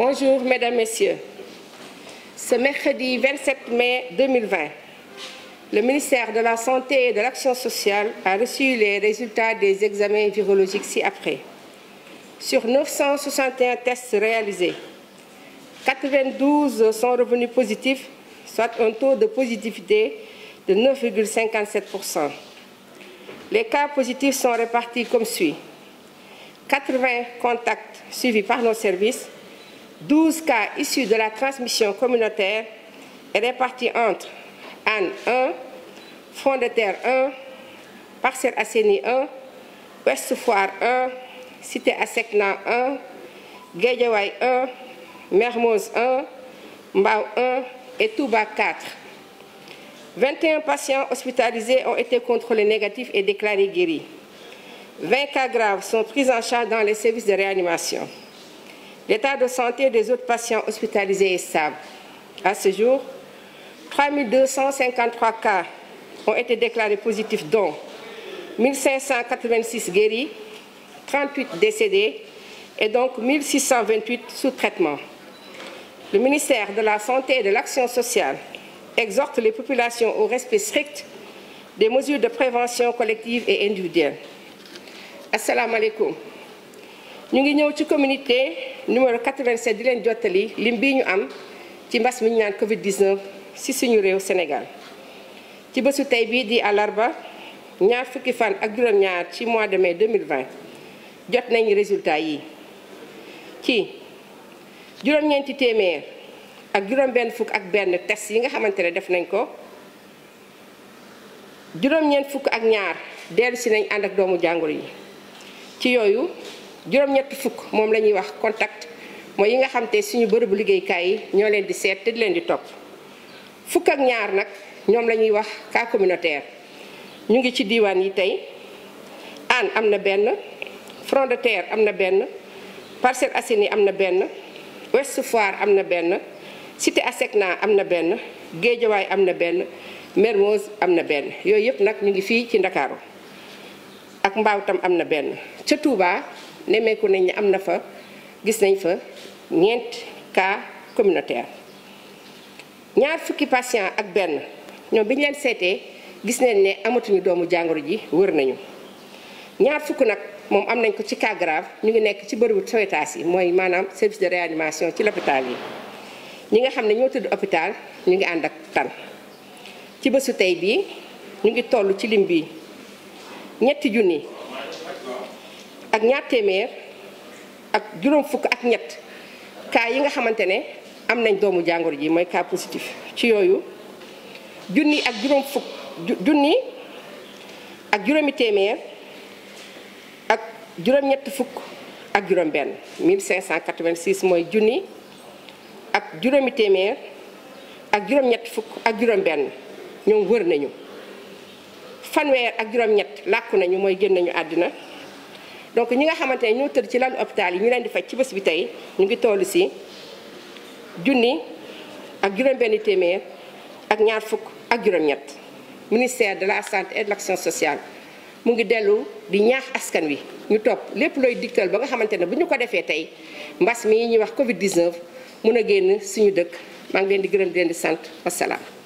Bonjour, Mesdames, Messieurs. Ce mercredi 27 mai 2020, le ministère de la Santé et de l'Action sociale a reçu les résultats des examens virologiques ci-après. Sur 961 tests réalisés, 92 sont revenus positifs, soit un taux de positivité de 9,57%. Les cas positifs sont répartis comme suit. 80 contacts suivis par nos services, 12 cas issus de la transmission communautaire est répartis entre Anne 1, Front de terre 1, Parcelle Asseni 1, West Foire 1, Cité Assekna 1, Guédiawaye 1, Mermoz 1, Mbao 1 et Touba 4. 21 patients hospitalisés ont été contrôlés négatifs et déclarés guéris. 20 cas graves sont pris en charge dans les services de réanimation. L'état de santé des autres patients hospitalisés est stable. À ce jour, 3253 cas ont été déclarés positifs, dont 1586 guéris, 38 décédés et donc 1628 sous traitement. Le ministère de la Santé et de l'Action sociale exhorte les populations au respect strict des mesures de prévention collective et individuelle. Assalamu alaikum. Nous avons une communauté numéro 87 di leen jottali lim bii ñu am ci mbas mi ñu naan Covid 19 ci suñu réew senegal ci bésu tey bii di àllarba ñaar fukki fan ak juróom-ñaar ci mois de mai 2020 jot nañu résultat yi ci juróom-ñeenti téeméer ak juróom-benn fukk ak benn test yi nga xamante ne def nañ ko juróom-ñeent fukk ak ñaar dellu si nañ ànd ak doomu jàngoro yi ci yooyu. juróom-ñetti fukk moom la ñuy wax contact mooy yi nga xam te suñu bërëbu liggéeykaay yi ñoo leen di seet te di leen di topp fukk ak ñaar nag ñoom la ñuy wax cas communautaire ñu ngi ci diiwaan yi tey Hann am na benn Front de Terre am na benn Parcelles Assainies am na benn Ouest Foire am na benn Cité Asecna am na benn Guédiawaye am na benn Mermoz am na benn yooyu yëpp nag ñu ngi fii ci Ndakaaru ak Mbaaw tam am na benn ca Touba nemmeeku nañ ne am na fa gis nañ fa ñeent cas communautaire ñaar fukki patient ak benn ñoom bi ñu leen seetee gis nañ ne amatuñu doomu jàngoro ji wër nañu ñaar fukk nag moom am nañ ko ci cas grave ñu ngi nekk ci bërëbu soetaas yi mooy maanaam service de réanimation ci l'hôpital yi ñi nga xam ne ñoo tëdd hôpital ñu ngi ànd ak tan ci bésu tey bii ñu ngi toll ci lim bi ñetti junni ak ñaar téeméer ak juróom fukk ak ñett cas yi nga xamante ne am nañ doomu jàngoro ji mooy cas positif ci yooyu junni ak juróom fukk junni ak juróomi ak juróom-ñett fukk ak juróom benn mooy junni ak juróomi téeméer ak juróom-ñett fukk ak juróom benn ñoom wër nañu fanweer ak juróom-ñett làkku nañu mooy génn nañu àddina donc ñi nga xamante ne ñoo tëdd ci lan hôpital yi ñu leen di faj ci bés bi tey ñu ngi toll si junni ak juróom-benn téeméer ak ñaar fukk ak juróom-ñett ministère de la santé et de l'action sociale mu ngi dellu di ñaax askan wi ñu topp lépp looy digtal ba nga xamante ne bu ñu ko defee tey mbas mi ñuy wax Covid 19 mun a génn suñu dëkk maa leen di gërëm di leen di sant wasalaam.